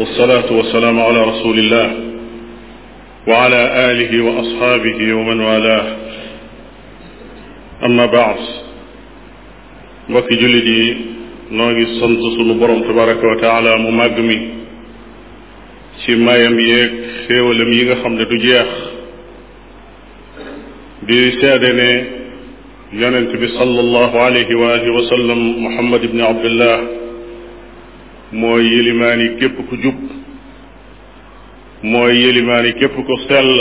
wasalaatu wasalaamu ala rasulillah wa ala alihi wa asxaabihi wa man walah amma baad mbokki jullit yi noo ngi sant sunu borom tabaraka wa taala mu màgg mi ci mayam yeeg xéewalam yi nga xam ne du jeex di seede ne yonent bi sallallahu alayhi wa alihi wa sallam Muhammad ibni Abdullah mooy yëlimaan yi képp ku jub mooy yëlimaan yi képp ku sell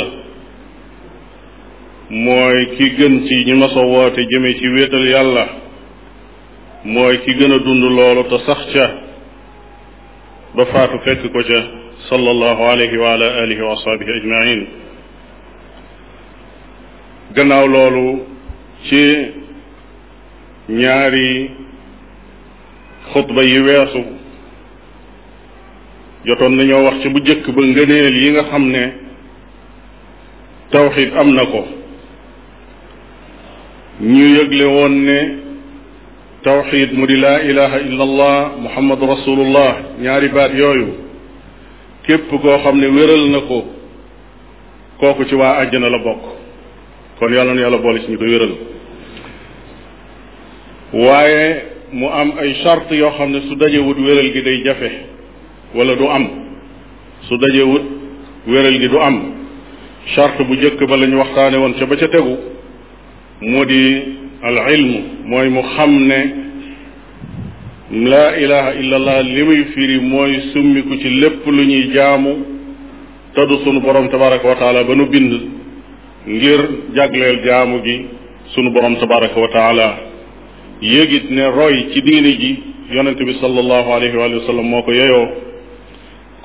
mooy ki gën ci ñi mas woote jëme ci wéetal yàlla mooy ki gën a dund loolu te sax ca ba faatu fekk ko ca sallallahu alayhi wa ala alihi wa ashabihi ajmain gannaaw loolu ci ñaari xutba yi weesu jotoon nañoo wax ci bu jëkk ba ngëneel yi nga xam ne tawxid am na ko ñu yëgle woon ne tawxid mu di laa ilaha illa allah muhammadu rasulullah ñaari baat yooyu képp koo xam ne wéral na ko kooku ci waa àjjana la bokk kon yàlla na yàlla boole ci ñu ko wéral waaye mu am ay charte yoo xam ne su dajewut wéral gi day jafe wala du am su dajewut wéral gi du am charte bu jëkk ba la ñu waxtaane woon ca ba ca tegu moo di al ilmu mooy xam ne laa ilaha illa allah li muy firi mooy summiku ci lépp lu ñuy jaamu taddu sunu borom tabaraka wa taala ba nu bind ngir jagleel jaamu gi sunu borom tabaraka wa taala yëgit ne roy ci diini ji yonente bi sallallahu alayhi wa sallam moo ko yeyoo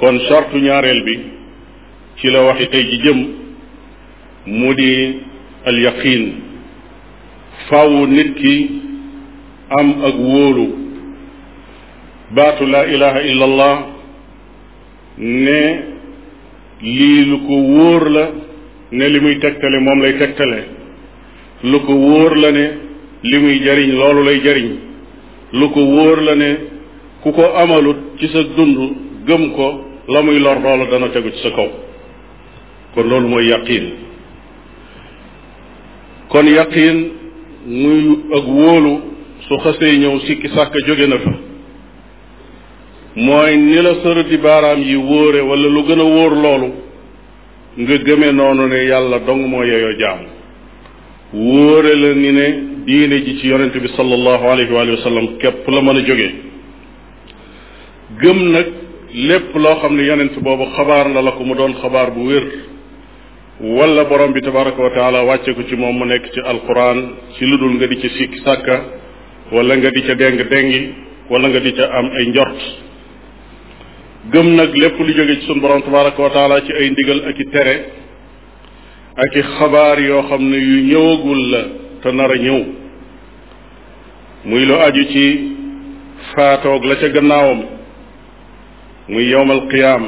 kon sartu ñaareel bi ci la waxi tey ji jëm mu di al yaqin nit ki am ak wóolu baatu laa ilaha illa allah ne lii lu ko wóor la ne li muy tegtale moom lay tegtale lu ko wóor la ne li muy jariñ loolu lay jariñ lu ko wóor la ne ku ko amalut ci sa dund gëm ko la muy lor loolu dana tegu ci sa kaw kon loolu mooy yaqiin kon yaqiin muy ak wóolu su xasee ñëw sikki sàkk jóge na fa mooy ni la sërëti baaraam yi wóore wala lu gën a wóor loolu nga gëme noonu ne yàlla dong moo yeyoo jaam wóore la ni ne diine ji ci yonente bi sallallahu alayhi wa sallam képp la mën a jóge gëm nag lépp loo xam ne yonent boobu xabaar na la ko mu doon xabaar bu wér wala borom bi tabaraka wa taala wàcce ko ci moom mu nekk ci alquran ci lu dul nga di ca sikki sàkka wala nga di ca déng-déngi wala nga di ca am ay njort gëm nag lépp lu jóge ci sun borom tabaraka ci ay ndigal ak i tere ak i xabaar yoo xam ne yu ñëwagul la te nar a ñëw muy lu aju ci faatoog la ca gannaawam muy yowmal qiyaam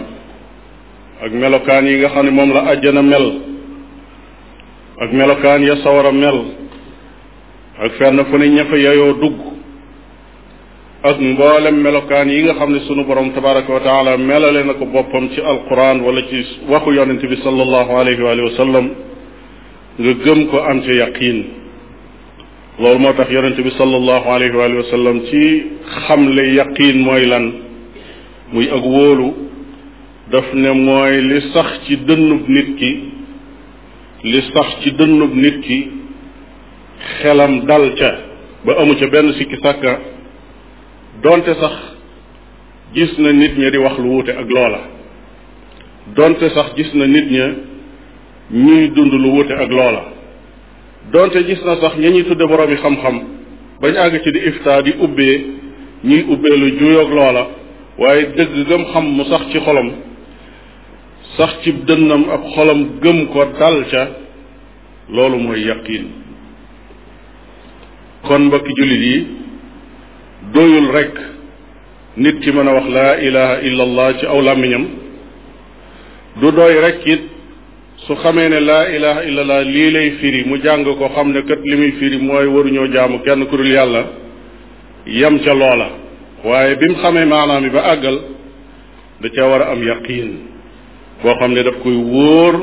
ak melokaan yi nga xam ne moom la àjjana mel ak melokaan ya sawara mel ak fenn fu ña fa yeyoo dugg ak mboolem melokaan yi nga xam ne sunu borom tabaraka wa taala melale na ko boppam ci alquran wala ci waxu yonent bi sallallahu alayhi wa sallam nga gëm ko am ci yaqiin loolu moo tax yonent bi sallallahu alayhi wa sallam ci xamle yaqiin mooy lan muy ak wóolu daf ne mooy li sax ci dënnub nit ki li sax ci dënnub nit ki xelam dal ca ba amu ca benn sikki sàkka donte sax gis na nit ña di wax lu wuute ak loola donte sax gis na nit ña ñuy dund lu wuute ak loola donte gis na sax ña ñuy tudde boroomi xam-xam bañ àgg ci di ifta di ubbee ñuy ubbee lu juyoog loola waaye dëgg gëm xam mu sax ci xolam sax ci dënnam ab xolam gëm ko dal ca loolu mooy yaqiin kon mbokki jullit yi doyul rekk nit ki mën a wax laa ilaha illa allah ci aw làmmiñam du doy rekk it su xamee ne laa ilaha illa allah lii lay firi mu jàng ko xam ne kat li muy firi mooy waruñoo jaamu kenn ku yàlla yem ca loola waaye bi mu xamee maanaam bi ba àggal da caa war a am yaqiin boo xam ne daf koy wóor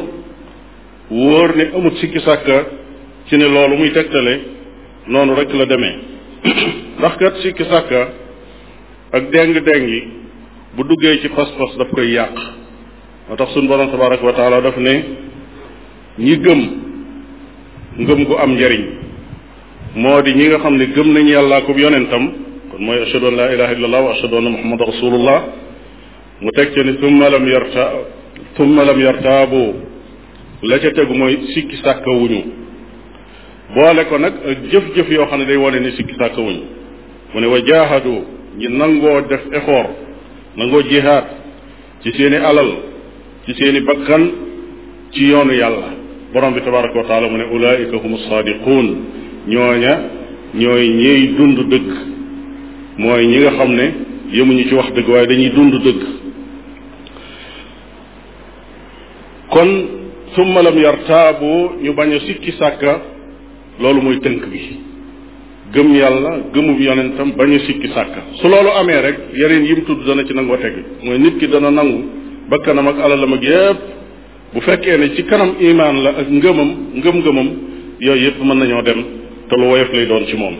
wóor ne amut sikki sàkka ci ne loolu muy tegtale noonu rek la demee ndax kat sikki sàkka ak déng-déng yi bu duggee ci pas-pas daf koy yàq moo tax suñ borom tabaraka wa taala daf ne ñi gëm ngëm gu am njariñ moo di ñi nga xam ne gëm nañu yàllaa ko yonentam kon mooy ashhadu an la ilaha illallah wa ashhadu anna muhammadan rasulullah mu teg ci ni tumma lam yarta tumma lam yartaabu la ca tegu mooy sikki sàkka wuñu boole ko nag ak jëf-jëf yoo xam ne day wane ni sikki sàkka wuñu mu ne wa jaahadu ñi nangoo def effort nangoo jihaad ci seeni alal ci seeni bakkan ci yoonu yàlla borom bi tabaraka wa taala mu ne ulaika hum saadiquun ñooña ñooy ñiy dund dëgg mooy ñi nga xam ne yemuñu ci wax dëgg waaye dañuy dund dëgg kon summa yar yartaabu ñu bañ a sikki sàkka loolu mooy tënk bi gëm yàlla gëmub yonentam bañ a sikki sàkka su loolu amee rek yeneen yim tudd dana ci nangoo teg mooy nit ki dana nangu bakkanam ak alalam ak yépp bu fekkee ne ci kanam imaan la ak ngëmam ngëm-ngëmam yooyu yépp mën nañoo dem te lu woyof lay doon ci moom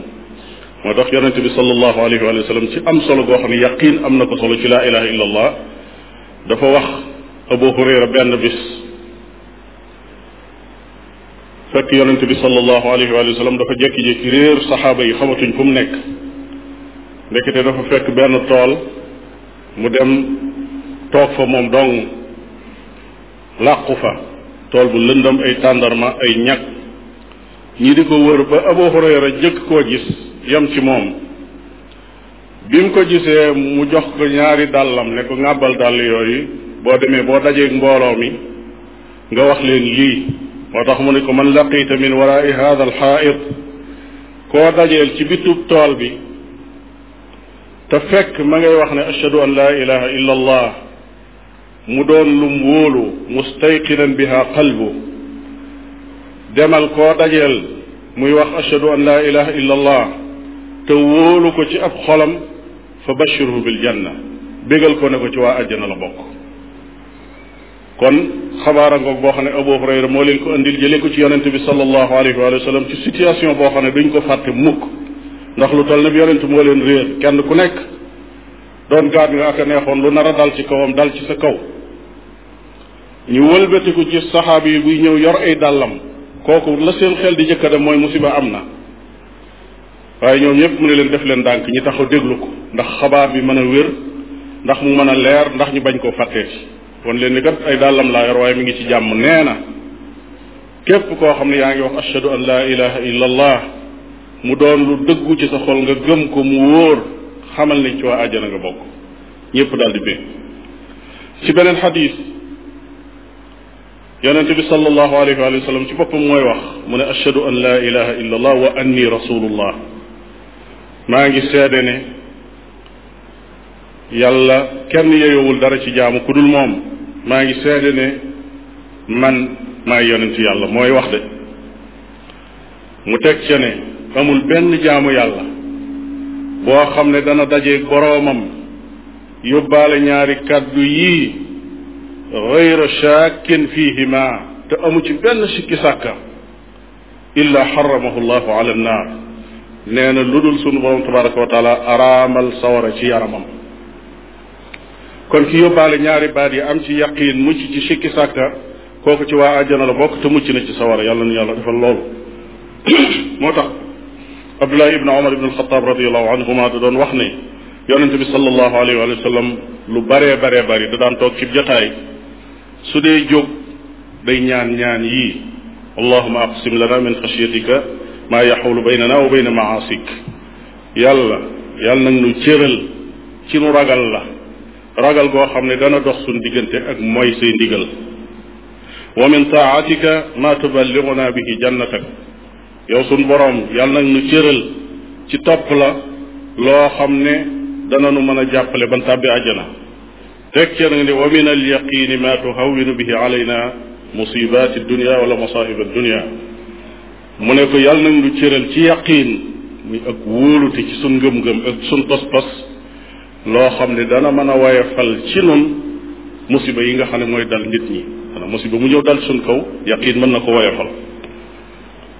moo tax yonente bi sallallahu alayhi wa sallam ci am solo goo xam ne am na ko solo ci laa ilaha illa allah dafa wax abu hurayra benn bis fekk yonente bi sallallahu alayhi wa sallam dafa jekki-jekki réer saxaaba yi xamatuñ fu mu nekk ndekete dafa fekk benn tool mu dem toog fa moom dong làqu fa tool bu lëndam ay tàndarma ay ñag ñi di ko wër ba Abu Hurayra jëkk koo gis yam ci moom bi mu ko gisee mu jox ko ñaari dàllam ne ko ŋàbbal dàll yooyu boo demee boo dajeeg mbooloo mi nga wax leen lii moo tax mu ne ko man laqiita min waraai hada alxaait koo dajeel ci bitub tool bi te fekk ma ngay wax ne ashhadu an laa ilaha illa allah mu doon lum wóolu mustayqinan biha qalbu demal koo dajeel muy wax ashhadu an laa ilaha illa te wóolu ko ci ab xolam fa bashirhu bil janna bégal ko ne ko ci waa àjjana la bokk kon xabaara ngoog boo xam ne Abu Hurayra moo leen ko andil jëlee ko ci yonente bi sallallahu alayhi wa sallam ci situation boo xam ne duñ ko fàtte mukk ndax lu toll ne bi yonente moo leen réer kenn ku nekk doon gaat nga ak a neexoon lu nar a dal ci kawam dal ci sa kaw ñu wëlbatiku ci saxaaba yi buy ñëw yor ay dàllam kooku la seen xel di jëkk a dem mooy musiba am na waaye ñoom ñëpp mu ne leen def leen ndànk ñi taxaw déglu ko ndax xabaar bi mën a wér ndax mu mën a leer ndax ñu bañ koo fàtteeti won leen ni kat ay dàllam laa waaye mu ngi ci jàmm nee na képp koo xam ne yaa ngi wax ashhadu an laa ilaha illa mu doon lu dëggu ci sa xol nga gëm ko mu wóor xamal ni ci waa àjjana nga bokk ñëpp daal di bee ci beneen xadis yonente bi sallallahu alayhi wa sallam ci boppam mooy wax mu ne ashhadu an laa ilaha illa allah wa anni rasulullah maa ngi seede ne yàlla kenn yeyowul dara ci jaamu ku dul moom maa ngi seede ne man maay yonent yàlla mooy wax de mu teg ca ne amul benn jaamu yàlla boo xam ne dana daje boroomam yóbbaale ñaari kàddu yii gayra shakkin fihima te amu ci benn sikki sàkka illa xaramahu llahu ala na lu dul sunu borom tabaraka wa taala araamal ci kon ki ñaari baat yi am ci yaqiin mucc sikki sàkka kooku ci waa àjjana la bokk te mucc na ci sawara yàlla na yàlla defal loolu moo tax abdulahi ibne omar ibne alxataab radiallahu anhuma da doon wax bi salallahu alayhi wa sallam lu baree baree bari da daan toog ci jataay su dee jóg day ñaan ñaan yii allahuma aqsim lana min xashiyatika maa yaxulu baynana wa bayna maasik yàlla yàlla nag nu cëral ci nu ragal la ragal goo xam ne dana dox suñ diggante ak mooy say ndigal wa min taatika ma tuballiguna bihi jannatak yow suñ boroom yàlla nag nu cëral ci topp la loo xam ne dana nu mën a jàppale ban tàbbi àjjana teg cee nag ne wa min alyaqini ma tuhawinu bihi alayna musibaati dunia wala masaahiba dunia mu ne ko yàlla nag lu cëral ci yaqiin muy ak wóolute ci sun ngëm-ngëm ak sun pas-pas loo xam ne dana mën a wayefal ci nun musiba yi nga xam ne mooy dal nit ñi maanaam musiba mu ñëw dal sun kaw yaqiin mën na ko wayefal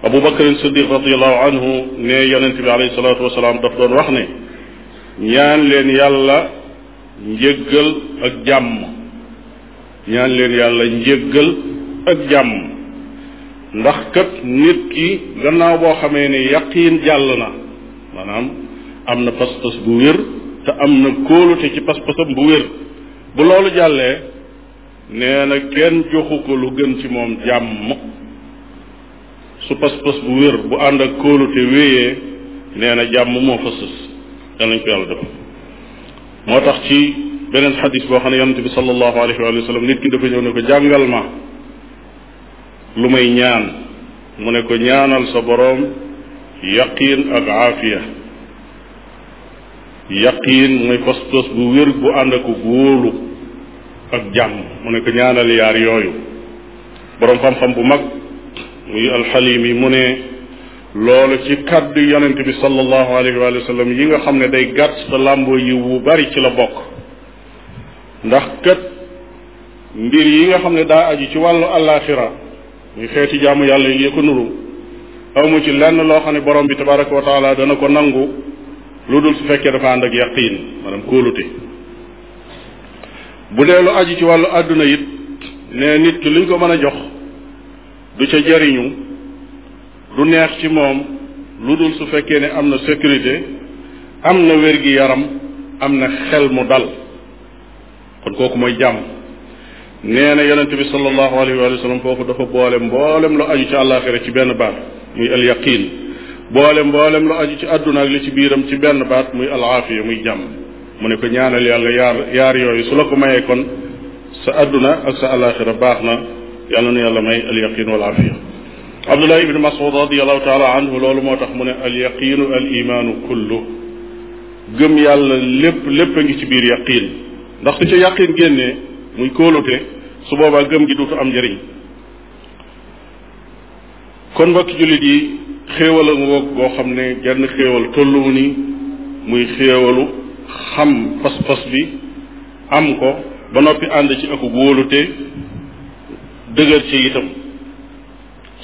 abu bakar siddiq radiallahu anhu ne yonente bi alayhi salatu wasalaam daf doon wax ne ñaan leen yàlla njëggal ak jàmm ñaan leen yàlla njëggal ak jàmm ndax kat nit ki gannaaw boo xamee ne yaqiin jàll na maanaam am na pas-pas bu wér te am na kóolute ci pas-pasam bu wér bu loolu jàllee nee na kenn joxu ko lu gën ci moom jàmm su pas-pas bu wér bu ànd ak kóolute wéyee nee na jàmm moo fa sës danañ ko yàlla defal moo tax ci beneen xadis boo xam ne yonente bi sallallahu alayhi wa sallam nit ki dafa ñëw ne ko jàngal ma lu may ñaan mu ne ko ñaanal sa boroom yaqiin ak aafiya yaqiin mooy pas-pas bu wér bu ànd ak wóolu ak jàmm mu ne ko ñaanal yaar yooyu boroom xam-xam bu mag muy alxalim yi mu ne loolu ci kaddu yonent bi sallallahu alayhi wa sallam yi nga xam ne day gàtt te làmboo yi wu bari ci la bokk ndax kat mbir yi nga xam ne daa aju ci wàllu àllaaxira muy xeeti jàmm yàlla yi ko nuru amu ci lenn loo xam ne borom bi tabaraka wa taala dana ko nangu lu dul su fekkee dafa ànd ak yaqiin maanaam kóolute bu dee lu aju ci wàllu àdduna it ne nit ki luñ ko mën a jox du ca jariñu du neex ci moom lu dul su fekkee ne am na sécurité am na wér gi yaram am na xel mu dal kon kooku mooy jàmm nee na yonente bi sallallahu alayhi wa sallam foofu dafa boole mboolem lu aju ci àllaaxira ci benn baat muy al boole mboolem lu aju ci àdduna ak li ci biiram ci benn baat muy al aafiya muy jàmm mu ne ko ñaanal yàlla yaar yaar yooyu su la ko mayee kon sa àdduna ak sa àllaaxira baax na yàlla na yàlla may al yaqin wal abdullah ibn masud radiallahu taala anhu loolu moo tax mu ne al yaqinu al imaanu kullu gëm yàlla lépp lépp a ngi ci biir yaqin ndax su ca yaqin génnee muy kóolute su boobaa gëm gi duutu am njëriñ kon mbokki jullit yi xéewal a xam ne genn xéewal tolluwu ni muy xéewalu xam pas-pas bi am ko ba noppi ànd ci ak wóolute dëgër ci itam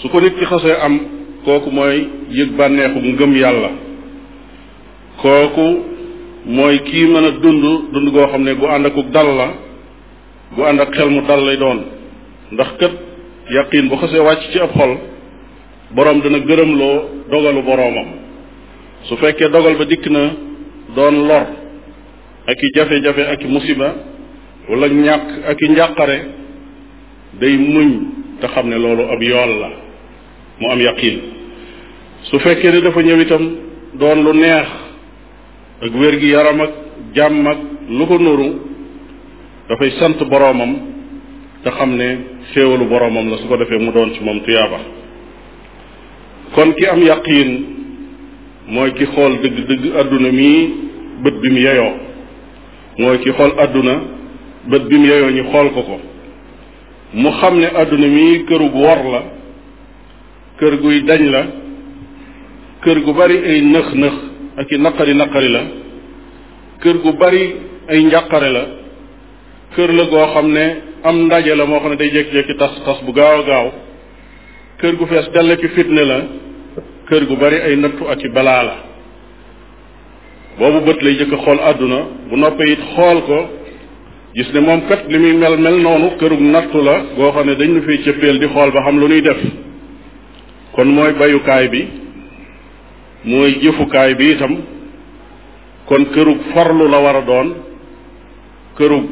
su ko nit ki xasee am kooku mooy yëg bànneexu ngëm yàlla kooku mooy kii mën a dund dund goo xam ne gu ànd akuk dal la gu ànd ak xel mu dal lay doon ndax kat yaqiin bu xasee wàcc ci ab xol boroom dana gërëmloo dogalu boroomam su fekkee dogal ba dikk na doon lor ak i jafe-jafe ak i musiba walla ñàkk ak i njàqare day muñ te xam ne loolu ab yool la mu am yaqin su fekkee ne dafa ñëwitam doon lu neex ak wér gi yaram ak jàmm ak lu ko nuru dafay sant boroomam te xam ne xéewalu boroomam la su ko defee mu doon ci moom tuyaaba kon ki am yaqin mooy ki xool dëgg-dëgg adduna mii bët bi mu yeyoo mooy ki xool àdduna bët bi mu yeyoo ñu xool ko ko mu xam ne adduna mii këru wor la kër guy dañ la kër gu bari ay nëx-nëx ak i naqari naqari la kër gu bari ay njàqare la kër la goo xam ne am ndaje la moo xam ne day jékki-jékki tas tas bu gaaw a gaaw kër gu fees dell ci fitne la kër gu bari ay nattu ak i balaa la boobu bët lay jëkk xool àdduna bu noppee it xool ko gis ne moom kat li muy mel mel noonu kërug nattu la goo xam ne dañ nu fiy cëppeel di xool ba xam lu nuy def kon mooy bayukaay bi mooy jëfukaay bi itam kon kërug farlu la war a doon kërug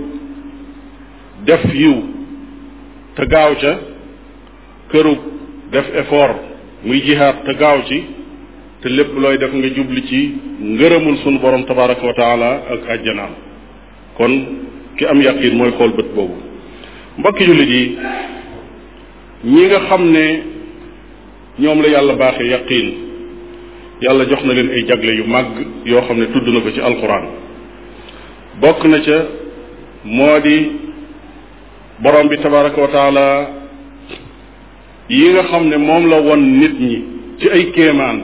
def yiw te gaaw ca kërug def effort muy jihaat te gaaw ci te lépp looy def nga jubli ci ngërëmul sunu borom tabaraka wa taala ak ajjanaam kon ki am yaqin mooy xool bët boobu mbokki jullit yi ñi nga xam ne ñoom la yàlla baaxee yaqiin yàlla jox na leen ay jagle yu màgg yoo xam ne tudd na ko ci alquran bokk na ca moo di borom bi tabaraka wa taala yi nga xam ne moom la won nit ñi ci ay kéemaan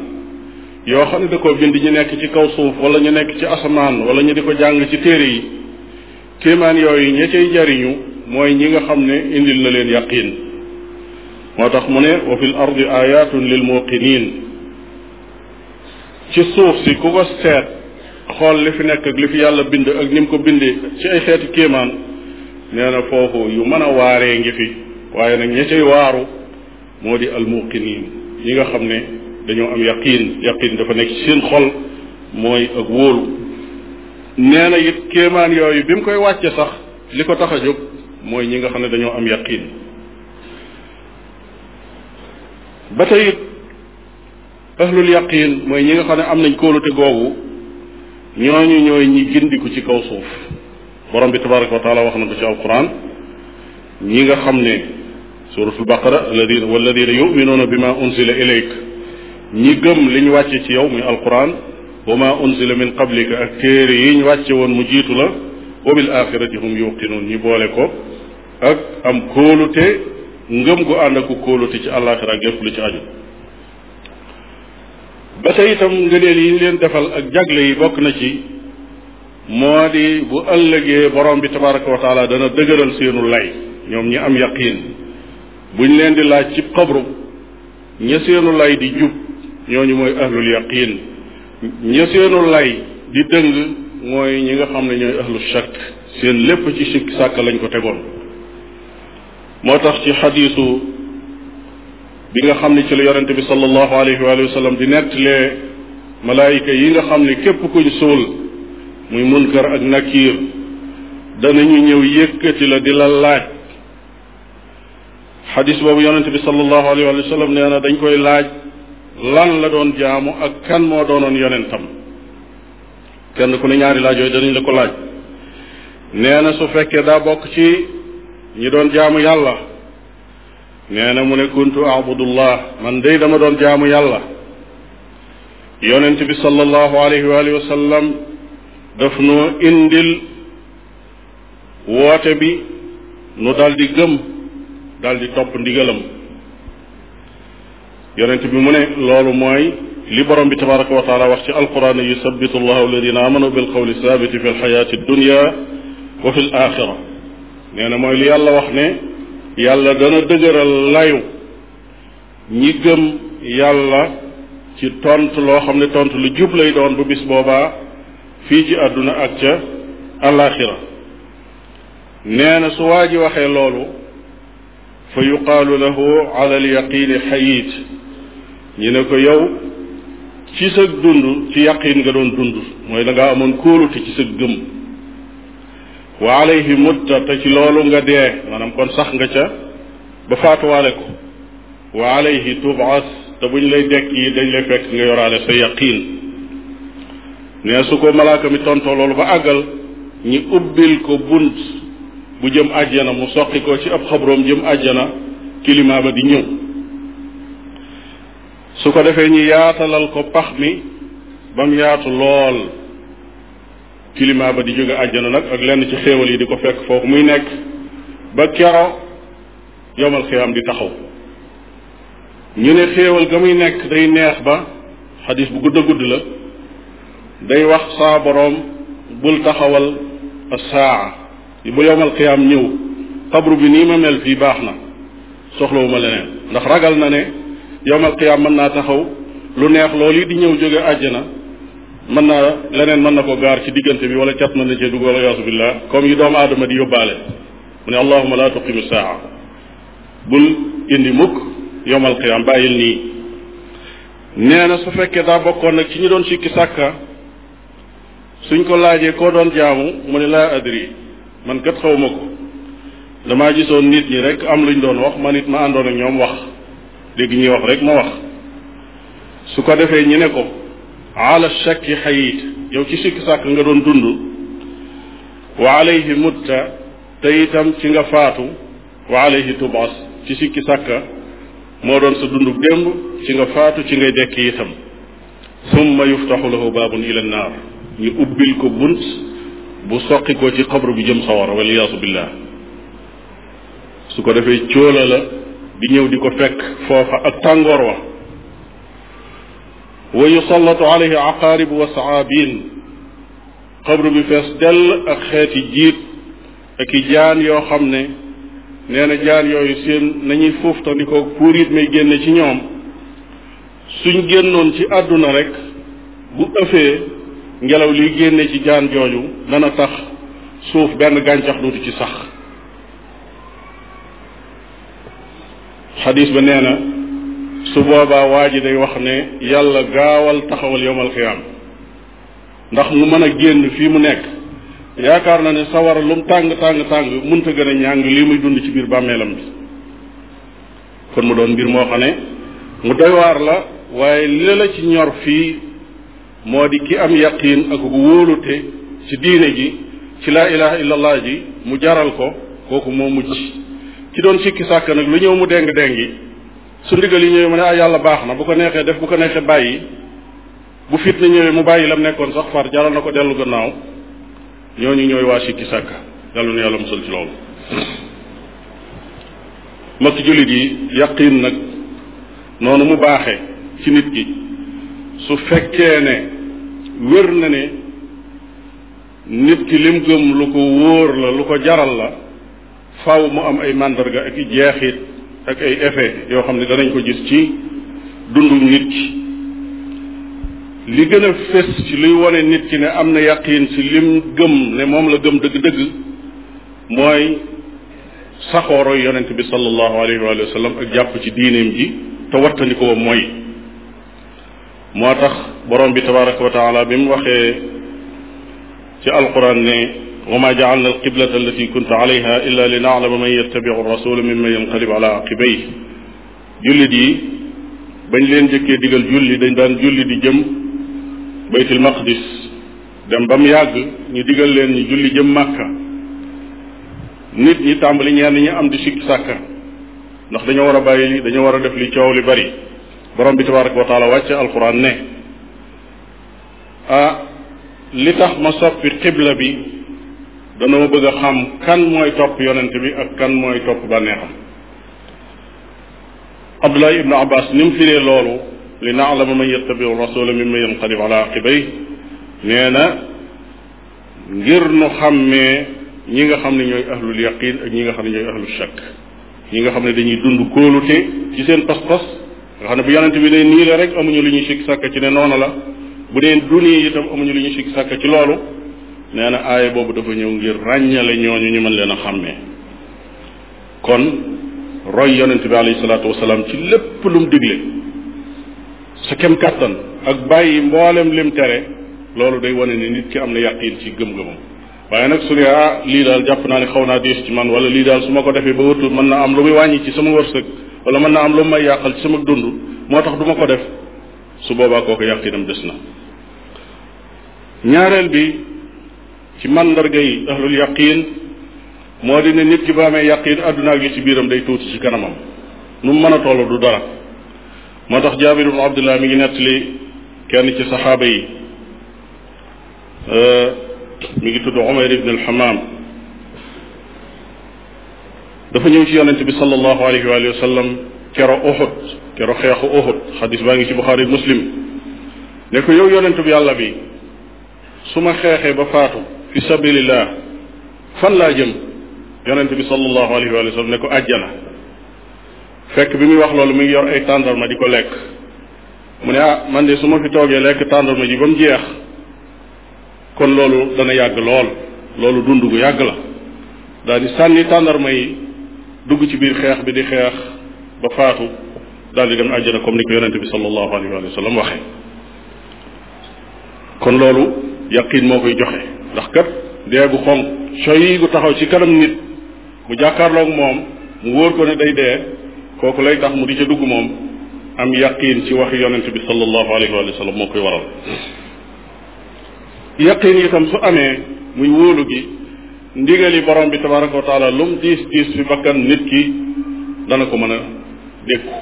yoo xam ne da koo bind ñu nekk ci kaw suuf wala ñu nekk ci asamaan wala ñu di ko jàng ci téere yi kéemaan yooyu ña cay jariñu mooy ñi nga xam ne indil na leen yaqiin moo tax mu ne wa fil ardi ayatun lil muqinin ci suuf si ku ko seet xool li fi nekk ak li fi yàlla bind ak ni mu ko bindee ci ay xeeti kéemaan nee na foofu yu mën a waaree ngi fi waaye nag ña cay waaru moo di al muqinin ñi nga xam ne dañoo am yaqin yaqin dafa nekk seen xol mooy ak wóolu nee na kéemaan yooyu bi mu koy wàccee sax li ko tax a jóg mooy ñi nga xam ne dañoo am yaqin ba tey it ahlul yaqin mooy ñi nga xam ne am nañ kóolute googu ñu ñooy ñi gindiku ci kaw suuf borom bi tabaraka wa taala wax na ko ci alquran ñi nga xam ne suratul baqara alladina walladina yuminuuna bima unsila ilayk ñi gëm li ñu wàcce ci yow muy alquran wa ma unsila min qablika ak téere yi ñu wàcce woon mu jiitu la wa bil axirati hum yuqinuun ñi boole ko ak am kóolute ngëm gu ànd aku kóolute ci àllaaxira ak lépp lu ci aju ba tey itam ngëneel yi ñu leen defal ak jagle yi bokk na ci moo di bu ëllëgee borom bi tabaraka wa taala dana dëgëral seenu lay ñoom ñi am yaqiin buñ leen di laaj ci xabru ña seenu lay di jub ñu mooy ahlul yaqiin ña seenu lay di dëng mooy ñi nga xam ne ñooy ahlu shakk seen lépp ci sikk sàkk lañ ko tegoon moo tax ci xadiisu bi nga xam ne ci la yonente bi sallallahu alayhi wa sallam di lee malaayika yi nga xam ne képp ku kuñ suul muy munkar ak nakiir ñu ñëw yëkkati la di la laaj xadis boobu yonente bi sallallahu alayhi wa sallam nee na dañ koy laaj lan la doon jaamu ak kan moo doonoon yonentam kenn ku ne ñaari laaj yooyu danañ la ko laaj nee su fekkee daa bokk ci ñi doon jaamu yàlla nee na mu ne kuntu abudullah man day dama doon jaamu yàlla yonent bi sallallahu alayhi wa alihi wa sallam daf noo indil woote bi nu daldi gëm daldi topp ndigalam yonent bi mu ne loolu mooy li borom bi tabaraka wa taala wax ci alquran yusabitu allahu alladina amanu bilqawli sabiti fi alxayati dunya wa fi alaxira nee na mooy li yàlla wax ne yàlla dana dëgëral layu ñi gëm yàlla ci tontu loo xam ne tontu lu jub lay doon bu bis boobaa fii ci àdduna ak ca alaxira nee na su waa ji waxee loolu fa yuqaalu lahu ala alyaqini xayit ñi ne ko yow ci sa dund ci yaqin nga doon dund mooy da amoon kóolute ci sa gëm wa alayhi mutta te ci loolu nga dee maanaam kon sax nga ca ba faatuwaale ko wa alayhi tubaas te buñ lay dekk yi dañ lay fekk nga yoraale sa yaqiin ne su ko malaaka mi tontoo loolu ba àggal ñi ubbil ko bunt bu jëm àjjana mu soqi ko ci ab xabroom jëm àjjana kilima ba di ñëw su ko defee ñu yaatalal ko pax mi ba mu yaatu lool climat ba di jóge àjjana nag ak lenn ci xéewal yi di ko fekk foofu muy nekk ba kero yomal xiyaam di taxaw ñu ne xéewal ga muy nekk day neex ba xadis bu gudd a gudd la day wax saa boroom bul taxawal saa bu yomal xiyaam ñëw xabru bi nii ma mel fii baax na soxlawuma leneen ndax ragal na ne yomal xiyaam mën naa taxaw lu neex loolu yi di ñëw jóge àjjana mën naa leneen mën na ko gaar ci diggante bi wala cat mën na cee dugg wala yaasu billah comme yi doom aadama di yóbbaale mu ne allahuma la tuqimi saa bul indi mukk yowmal qiyaam bàyyil nii nee na su fekkee daa bokkoon nag ci ñu doon sikki sàkka suñ ko laajee koo doon jaamu mu ne laa adri man kat xawuma ko damaa gisoon nit ñi rek am luñ doon wax ma it ma àndoon ak ñoom wax dégg ñuy wax rek ma wax su ko defee ñi ne ko ala shakki xayit yow ci sikki sàkk nga doon dundu wa alayhi mutta te itam ci nga faatu wa alayhi tubaas ci sikki sàkka moo doon sa dundu démb ci nga faatu ci ngay dekk itam summa yuftaxu lahu baabun ila naar ñu ubbil ko bunt bu soqi ko ci xabru bi jëm sawara waliyaasu billah su ko defee cóola la di ñëw di ko fekk foofa ak tàngoor wa yusallatu alayhi aqaarib wa saabiin xabru bi fees dell ak xeeti jiit ak i jaan yoo xam ne neena na jaan yooyu seen nañuy fuuftandikoo puur it may génne ci ñoom suñ génnoon ci àdduna rekk bu ëffee ngelaw liy génne ci jaan jooju dana tax suuf benn gàncax duutu ci sax xadis ba nee na su boobaa waa ji day wax ne yàlla gaawal taxawal yowmal qiyaam ndax mu mën a génn fii mu nekk yaakaar na ne sawara lu mu tàng tàng tàng munta gën a ñàng lii muy dund ci biir bàmmeelam bi kon mu doon mbir moo xam ne mu doy waar la waaye li la ci ñor fii moo di ki am yaqiin ak wóolute ci diine ji ci laa ilaha illallah ji mu jaral ko kooku moo mujj ci doon sikki sàkk nag lu ñëw mu deng dengi su ndigal yi ñëwee mu ne ah yàlla baax na bu ko neexee def bu ko neexee bàyyi bu fitna ñëwee mu bàyyi la mu nekkoon sax far jaral na ko dellu gannaaw ñooñu ñooy waa sikki sàkka yàlla nu yàlla musal ci loolu mbokki jullit yi yaqiin nag noonu mu baaxee ci nit ki su fekkee ne wér na ne nit ki lim gëm lu ko wóor la lu ko jaral la faw mu am ay màndarga ak i jeexit ak ay effet yoo xam ne danañ ko gis ci dundu nit ki li gën a fés ci luy wone nit ki ne am na yaqin ci lim gëm ne moom la gëm dëgg-dëgg mooy saxooroy yonent bi sallallahu alayhi wa sallam ak jàpp ci diineem ji te wattandikoo mooy moo tax borom bi tabaraka wa taala bi mu waxee ci alquran ne wa maa jacalna alqiblata allati kunta alayha illa li naclama man yattabicu rasula mimman yanqalib ala aqibayh jullit yi bañ leen jëkkee digal julli dañ daan julli di jëm baytul maqdis dem ba mu yàgg ñu digal leen ñu julli jëm màkka nit ñi tàmbali ñenn ñi am di sikki sàkka ndax dañoo war a bàyyi li dañoo war a def li coow li bari borom bi tabaraka wa taala wàcce alquran ne ah li tax ma soppi xibla bi danoo bëgg xam kan mooy topp yonent bi ak kan mooy topp bànneexam abdulahi ibnu abbas ni mu firee loolu li naalama man yattabiu rasula mimman yanqalib ala aqibay nee na ngir nu xàmmee ñi nga xam ne ñooy ahlul yaqin ak ñi nga xam ne ñooy ahlul shakk ñi nga xam ne dañuy dund kóolute ci seen pas-pas nga xam ne bu yonent bi ne nii la rek amuñu lu ñuy sikk sàkk ci ne noonu la bu dee du yi itam amuñu lu ñuy sikk sàkk ci loolu nee na aaya boobu dafa ñëw ngir ràññale ñooñu ñu mën leen a xàmmee kon roy yonent bi alayhi salaatu wasalaam ci lépp lu mu digle sa kem kàttan ak bàyyi mboolem lim tere loolu day wone ni nit ki am na yàqiin ci gëm-gëmam waaye nag su ne ah lii daal jàpp naa ne xaw naa diis ci man wala lii daal su ma ko defee ba wëtul mën naa am lu muy wàññi ci sama wërsëg wala mën naa am lu may yàqal ci sama dund moo tax du ma ko def su boobaa kooku yàqiinam des na ñaareel ci mandarga yi ahlul yaqin moo di ne nit ki baa amee yaqin àdduna ak li ci biiram day tuuti ci kanamam nu mën a toll du dara moo tax jaabir ibnu abdullah mi ngi li kenn ci saxaaba yi euh, mu ngi tudd umayr ibn alxamaam dafa ñëw ci yonente bi sallallahu alayhi wa sallam kero Uhud kero xeexu Uhud xadis baa ngi ci Buxaari muslim ne ko yow yonentu bi yàlla bi su ma xeexee ba faatu fi sabilillah fan laa jëm yonente bi sallallahu alayhi wa sallam ne ko àjjana fekk bi muy wax loolu mi ngi yor ay tàndarma di ko lekk mu ne ah man de su ma fi toogee lekk tàndarma ji ba mu jeex kon loolu dana yàgg lool loolu dund gu yàgg la daal di sànni tàndarma yi dugg ci biir xeex bi di xeex ba faatu daal di dem àjjana comme ni ko yonente bi sallallahu alayhi wa sallam waxee kon loolu yaqin moo koy joxe ndax kat dee gu xonq coy gu taxaw ci kanam nit mu jàkkaarloog moom mu wóor ko ne day dee kooku lay tax mu di ca dugg moom am yaqiin ci wax yonent bi sallallahu alayhi wa sallam moo koy waral yaqiin itam su amee muy wóolu gi ndigali borom bi tabaraka wa taala lum diis diis fi bakkan nit ki dana ko mën a dékku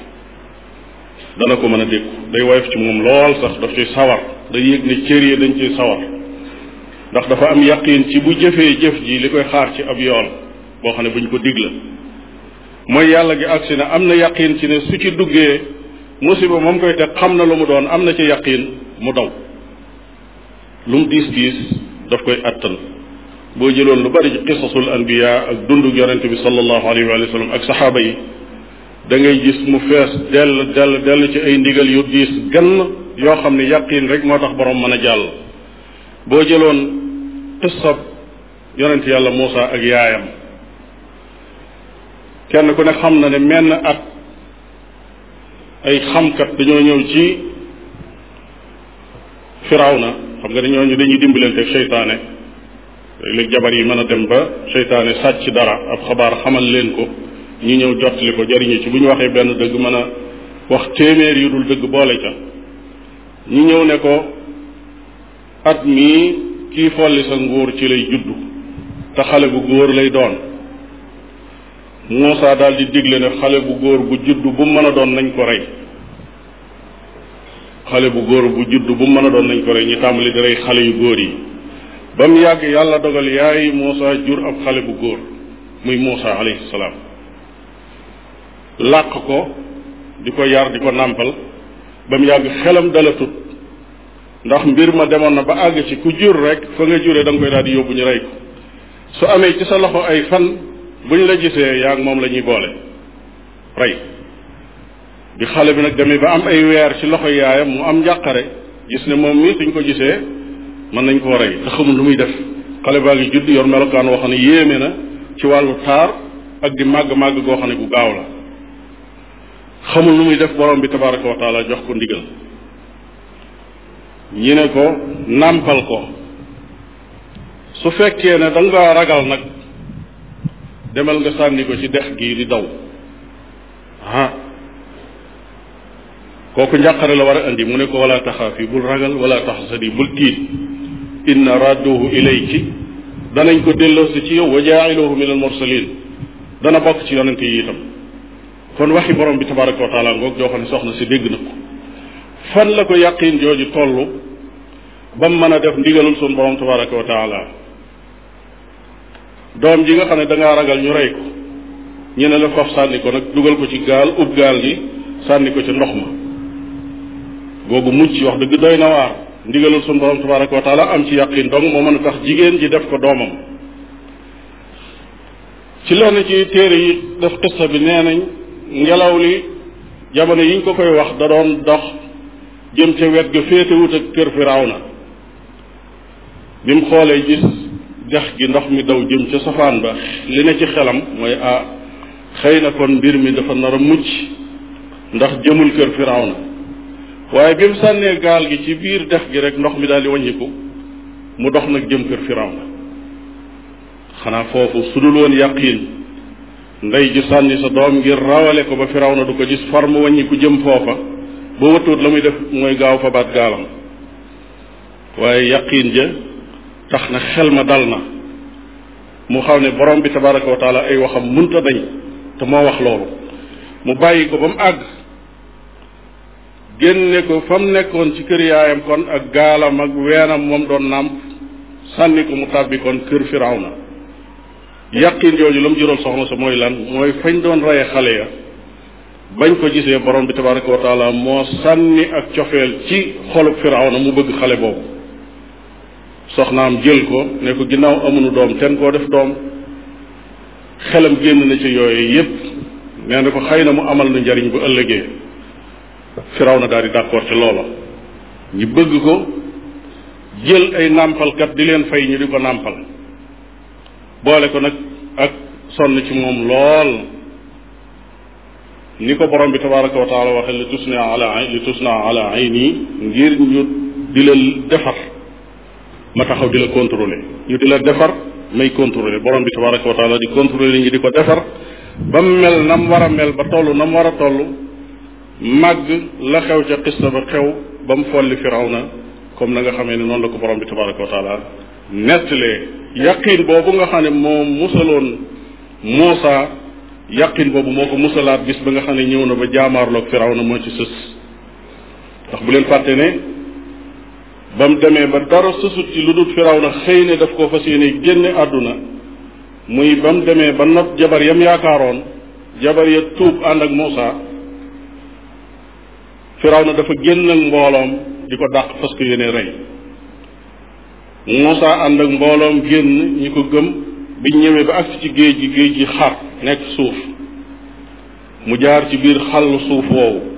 dana ko mën a dékku day woyof ci moom lool sax daf ciy sawar day yëg ne cër yi dañ ciy sawar ndax dafa am yaqin ci bu jëfee jëf ji li koy xaar ci ab yool boo xam ne buñ ko dig la mooy yàlla gi agsi na am na yaqin ci ne su ci duggee musiba moom koy teg xam na lu mu doon am na ci yaqin mu daw lu mu diis diis daf koy attan boo jëloon lu bari ci qisasul anbiya ak dundu yonente bi sallallahu alayhi wa sallam ak saxaaba yi da ngay gis mu fees dell dell dell ci ay ndigal yu diis gann yoo xam ne yaqin rek moo tax boroom mën a jàll qissab yonent yàlla Muusa ak yaayam kenn ku ne xam na ne menn at ay xamkat dañoo ñëw ci na xam nga dañoo ñu dañuy dimbalante ak seytaane léeg jabar yi mën a dem ba seytaane sàcc dara ab xabaar xamal leen ko ñu ñëw jottali ko jariñu ci bu ñu waxee benn dëgg mën a wax téeméer yu dul dëgg boole ca ñu ñëw ne ko at mii kii folli sa nguur ci lay juddu te xale bu góor lay doon Muusa daal di digle ne xale bu góor bu juddu bu mën a doon nañ ko rey xale bu góor bu juddu bu mën a doon nañ ko rey ñu tàmbali di rey xale yu góor yi ba mu yàgg yàlla dogal yaay Muusa jur ab xale bu góor muy Muusa alayhi salaam làq ko di ko yar di ko nàmpal ba mu yàgg xelam dalatut ndax mbir ma demoon na ba àgg ci ku jur rek fa nga jure da koy daal di yóbbu ñu rey ko su amee ci sa loxo ay fan bu ñu la gisee yaa ngi moom lañuy boole rey bi xale bi nag demee ba am ay weer ci loxo yaayam mu am njàqare gis ne moom mii suñ ko gisee mën nañ koo rey te xamul lu muy def xale baa ngi judd yor melokaan woo ne yéeme na ci wàllu taar ak di màgg-màgg goo xam ne gu gaaw la xamul lu muy def borom bi tabaraka wa taala jox ko ndigal ñi ne ko nàmpal ko su fekkee ne da nga ragal nag demal nga sànni ko ci dex gii di daw ah kooku njàqare la war a andi mu ne ko wala taxaafi bul ragal wala taxsadi bul tiit inna radduhu ilayki danañ ko delloosi ci yow wa jaa'iluhu min al mursalin dana bokk ci yonente yi itam kon waxi borom bi tabaraka wa taala ngoog joo xam soxna si dégg na ko fan la ko yàqin jooju tollu ba mu mën a def ndigalul suñu borom tabaraka wa doom ji nga xam ne dangaa ragal ñu rey ko ñu ne la faf sànni ko nag dugal ko ci gaal ub gaal gi sànni ko ci ndox ma boobu mucc wax di doy na waar ndigalul suñu borom tabaraka wa am ci yàqin dong moo mën a tax jigéen ji def ko doomam ci lenn ci téere yi def xissa bi nee nañ ngelaw li jamono yiñ ko koy wax da doon dox jëm ca wet ga féetewut ak kër na bi mu xoolee gis dex gi ndox mi daw jëm ca safaan ba li ne ci xelam mooy ah xëy na kon mbir mi dafa nar a mucc ndax jëmul kër firaw na waaye bi mu sànnee gaal gi ci biir dex gi rek ndox mi daal di wàññiku mu dox nag jëm kër firaw na xanaa foofu su dul woon yaqiin ndey ju sànni sa doom ngir rawale ko ba firaw na du ko gis far mu waññiku jëm foofa ba wëttuut la muy def mooy gaaw fa baat gaalam waaye yaqiin ja tax na xel ma dal na mu xaw ne borom bi tabaraka wa ay waxam munta dañ te moo wax loolu mu bàyyi ko ba mu àgg génne ko fa mu nekkoon ci kër yaayam kon ak gaalam ak weenam moom doon nàmp sànni ko mu tàbbi kon kër firawna yàqin jooju la mu jural soxna sa mooy lan mooy fañ doon reye xale ya bañ ko gisee borom bi tabaraka wa taala moo sànni ak cofeel ci xolub na mu bëgg xale boobu soxnaam jël ko ne ko ginnaaw amunu doom ten koo def doom xelam génn na ci yooyu yépp nee ko xëy na mu amal na njariñ bu ëllëgee firaw na daal di ci loola ñu bëgg ko jël ay nàmpalkat di leen fay ñu di ko nàmpal boole ko nag ak sonn ci moom lool ni ko borom bi tabaraka wa taala waxe li tusna ala li tusna ala ayni ngir ñu di la defar ma taxaw di la contrôler ñu di la defar may contrôler borom bi tabaraka wa taala di contrôler ñu di ko defar ba mu mel na mu war a mel ba toll na mu war a toll màgg la xew ca xista ba xew ba mu folli na comme na nga xamee ne noonu la ko borom bi tabaraka wa taala nettalee yaqin boobu nga xam ne moo musaloon Muusa yaqin boobu moo ko musalaat bis ba nga xam ne ñëw na ba jaamaarloog firawna moo ci sës ndax bu leen fàtte ne ba mu demee ba dara sësut ci lu dul firaw na xëy ne daf koo fas yéene génne àdduna muy ba mu demee ba not jabar yam yaakaaroon jabar ya tuub ànd ak Muusa firaw na dafa génn ak mbooloom di ko dàq fas ko yéene rey Muusa ànd ak mbooloom génn ñi ko gëm biñ ñëwee ba agsi ci géej gi géej gi xar nekk suuf mu jaar ci biir xàll suuf woowu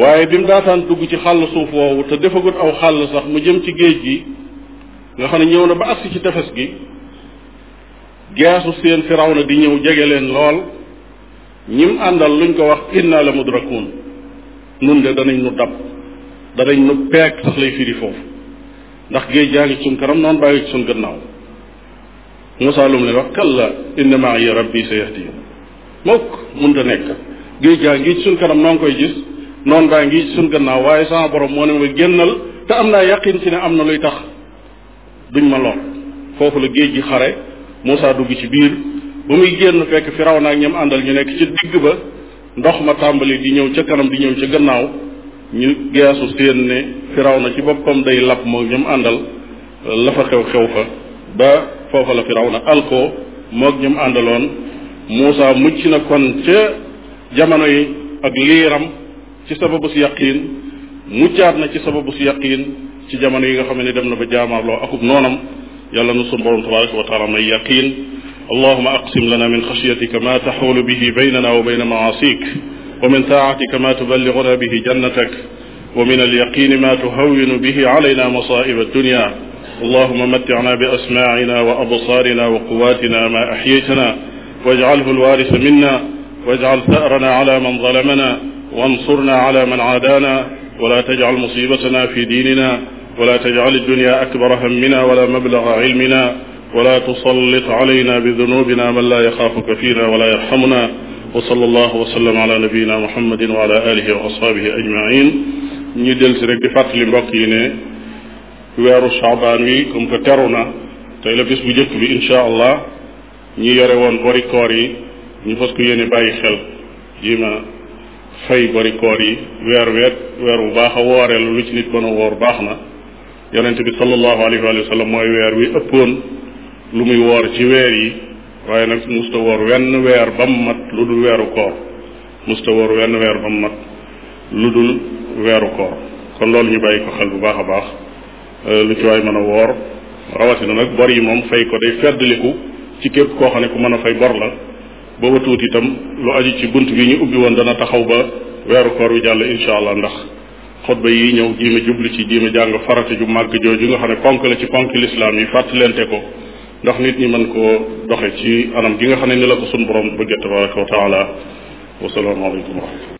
waaye bi mu daataan dugg ci xàll suuf woowu te defagut aw xàll sax mu jëm ci géej gi nga xam ne ñëw na ba agsi ci tefes gi geesu seen raw na di ñëw jege leen lool ñim àndal luñ ko wax inna la mudrakuun nun de danañ nu dab danañ nu peeg sax lay firi foofu ndax géej jaa ngi ci suñ kanam noonu bàyyi ci suñ gannaaw Musaa lum leen wax kalla inna ma'iya rabbi sayahdin mukk munta nekk géej jaa ngi ci suñ kanam noo ngi koy gis noonu baa ngi suñ gannaaw waaye sama borom moo ne ma génnal te am naa yaqin ci ne am na luy tax duñ ma lor foofu la géej gi xare Moussa dugg ci biir ba muy génn fekk firaw naag ñam àndal ñu nekk ci ndox ma tàmbali di ñëw ca kanam di ñëw ca gannaaw ñu geesu seen ne na ci boppam day lab moom ñoom àndal la fa xew xew fa ba foofa la firaw na alko moog ñoom àndaloon Moussa mucc na kon ca jamono yi ak liiram ci sababu si yaqin muccaat na ci sababu si yaqin ci jamono yi nga xam ne dem na ba jaamaarloo akub noonam yàlla nu sunu borom tabaraka wa taala may yaqin allahuma aqsim lana min xashyatika ma taxulu bihi baynana wa bayna maasik wa min taatika ma tuballiguna bihi jannatak wa min alyaqini ma tuhawinu bihi alayna masaiba addunya allahuma matticna bi asmaacina wa absaarina wa quwaatina ma axyaytana wajcalhu alwaarisa minna wajcal tharana ala man zalamana wansurna ala man aadaana wala tajcal musibatana fi diinina wala tajcal addunya akbara hammina wala mablaga cilmina wala tusallit alayna bidunubina man laa yaxaafuka fiina wala yarxamuna wa sallallahu wa sallam ala nabiyina muhammadin wa ala alihi wa ashaabihi ajmain ñu del si rek di fàttali mbokk yi ne weeru chaabaan wi comme que teru na tey la bis bu njëkk bi incha allah ñi yore woon bori koor yi ñu fas ko yéene bàyyi xel ji ma fay bari koor yi weer weer weer bu baax a wooree lu ci nit mën a woor baax na yonente bi sallallahu alayhi wa sallam mooy weer wi ëppoon lu muy woor ci weer yi waaye nag musta woor wenn weer ba mu mat lu dul weeru koor musta woor wenn weer ba mu mat lu dul weeru koor kon loolu ñu bàyyi ko xel bu baax a baax euh, lu ci waay mën a woor rawatina nag bor yi moom fay ko day ko ci képp koo xam ne ku mën a fay bor la booba tuuti itam lu aju ci bunt bi ñu ubbi woon dana taxaw ba weeru koor wi jàll incha allah ndax xutba yi ñëw jiima jubli ci jiima jàng farate ju màgg jooju nga xam ne ponk la ci ponk lislaam yi fàttalente ko ndax nit ñi mën koo doxe ci anam gi nga xam ne ni la ko sun borom bëgge tabaraka wa taala wasalaamualeykum wa rahmatullah